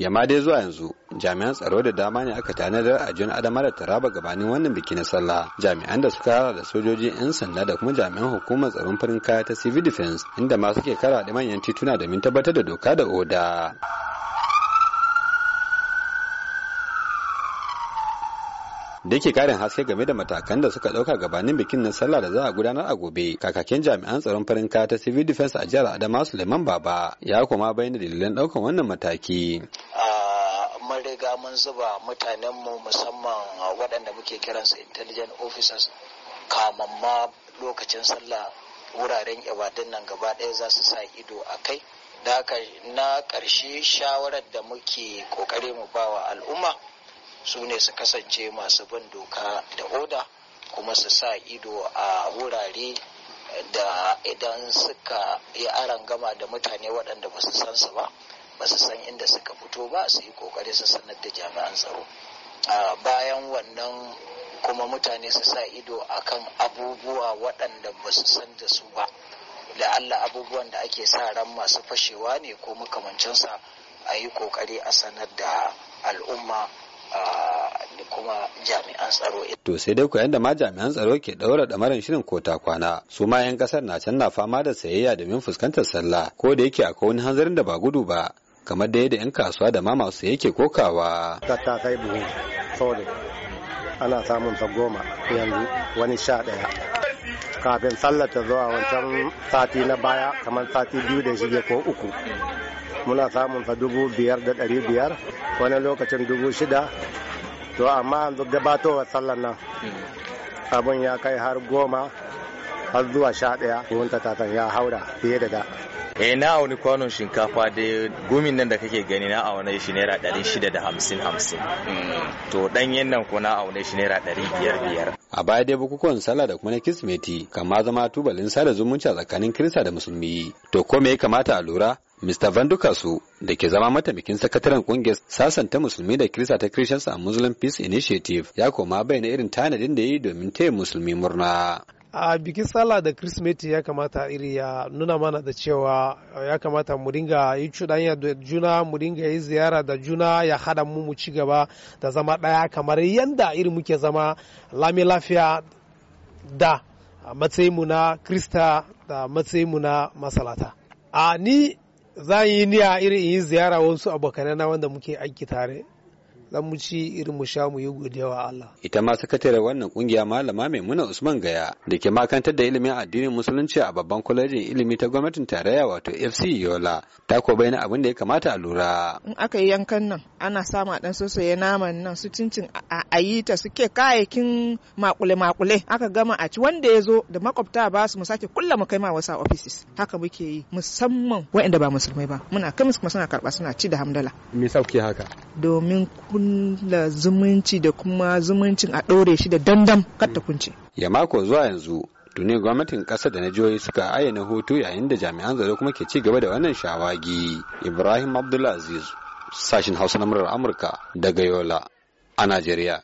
yamma dai zuwa yanzu jami'an tsaro da dama ne aka tanadar a jin adama da taraba gabanin wannan biki na sallah jami'an da suka hada da sojoji yan sanda da kuma jami'an hukumar tsaron farin kaya ta civil defense inda ma suke kara da manyan tituna domin tabbatar da doka da oda da ke karin haske game da matakan da suka dauka gabanin bikin na sallah da za a gudanar a gobe kakakin jami'an tsaron farin kaya ta civil defense a jihar adama suleiman baba ya kuma bayyana dalilan daukan wannan mataki riga mun zuba mutanenmu musamman uh, waɗanda muke kiransu intelligent officers kamamma lokacin sallah wuraren ibadun nan gaba ɗaya za su sa ido a kai da na ƙarshe shawarar da muke ƙoƙari mu bawa al'umma su ne su kasance masu bin doka da oda kuma su sa ido a wurare da idan suka yi gama da mutane waɗanda ba su san su ba ba su san inda suka fito ba su yi kokari su sanar da jami'an tsaro bayan wannan kuma mutane su sa ido akan abubuwa waɗanda ba su san da su ba da allah abubuwan da ake sa ran masu fashewa ne ko makamancinsa a yi kokari a sanar da al'umma da kuma jami'an tsaro. To sai dai koyan da ma jami'an tsaro ke ɗaura marin shirin kota kwana su ma 'yan ƙasar na can na fama da sayayya domin fuskantar sallah ko da yake akwai wani hanzarin da ba gudu ba kamar da yadda 'yan kasuwa da ma masu yake kokawa. Ta kai buhu, sori, ana samun ta goma yanzu wani sha ɗaya. Kafin sallar ta zuwa wancan sati na baya kamar sati biyu da shige ko uku. Muna samun ta dubu biyar da ɗari biyar, wani lokacin dubu shida. To amma yanzu gabatowar sallar nan abin ya kai har goma har zuwa sha ɗaya. Wunta tatan ya haura fiye da da. eh na auni kwanon shinkafa da gumin nan da kake gani na aune shi naira ɗari shida da hamsin hamsin to dan nan ko na aune shi naira ɗari biyar biyar a baya dai bukukuwan sallah da kuma na kismeti kama zama tubalin sada zumunci a tsakanin kirista da musulmi to ko me ya kamata a lura Mr. Van Dukasu da ke zama mataimakin sakataren kungiyar sasanta musulmi da kirista ta Christians and Muslim Peace Initiative ya koma bayyana irin tanadin da ya yi domin taya musulmi murna. a bikin sallah da kirsimeti ya kamata iri ya nuna mana da cewa eh, ya kamata mu dinga yi cuɗanya da juna mu dinga yi ziyara da juna ya haɗa mu mu ci gaba da zama ɗaya kamar yadda iri muke zama lami lafiya da matsayinmu na krista da matsayinmu na masalata a ni za yi niya iri yi ziyara wasu abokanai na wanda muke aiki tare za mu ci irin mu sha mu yi godiya wa Allah. Ita ma sakatare wannan kungiya malama Maimuna Usman Gaya da ke makantar da ilimin addinin musulunci a babban kwalejin ilimi ta gwamnatin tarayya wato FC Yola ta ko bayyana abin da ya kamata a lura. In aka yi yankan nan ana samu dan ya naman nan su cincin a yi ta suke kayayyakin makule-makule aka gama a ci wanda ya zo da makwabta ba su mu sake kulla mu kai ma wasa offices haka muke yi musamman waɗanda ba musulmai ba muna kai musu kuma suna karɓa suna ci da hamdala. Me yasa kuke haka? Domin kulla zumunci da kuma zumuncin a ɗaure shi da dandam kar ta mm. kunce. Ya mako zuwa yanzu tuni gwamnatin ƙasa da na jihohi suka ayyana hutu yayin da jami'an tsaro kuma ke ci gaba da wannan shawagi. Ibrahim Abdulaziz sashin Hausa na murar Amurka daga Yola a Najeriya.